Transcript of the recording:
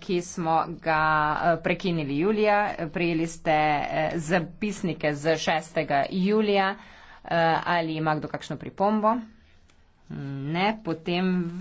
ki smo ga eh, prekinili julija. Prijeli ste eh, zapisnike z 6. julija. Eh, ali ima kdo kakšno pripombo? Ne, potem veliko.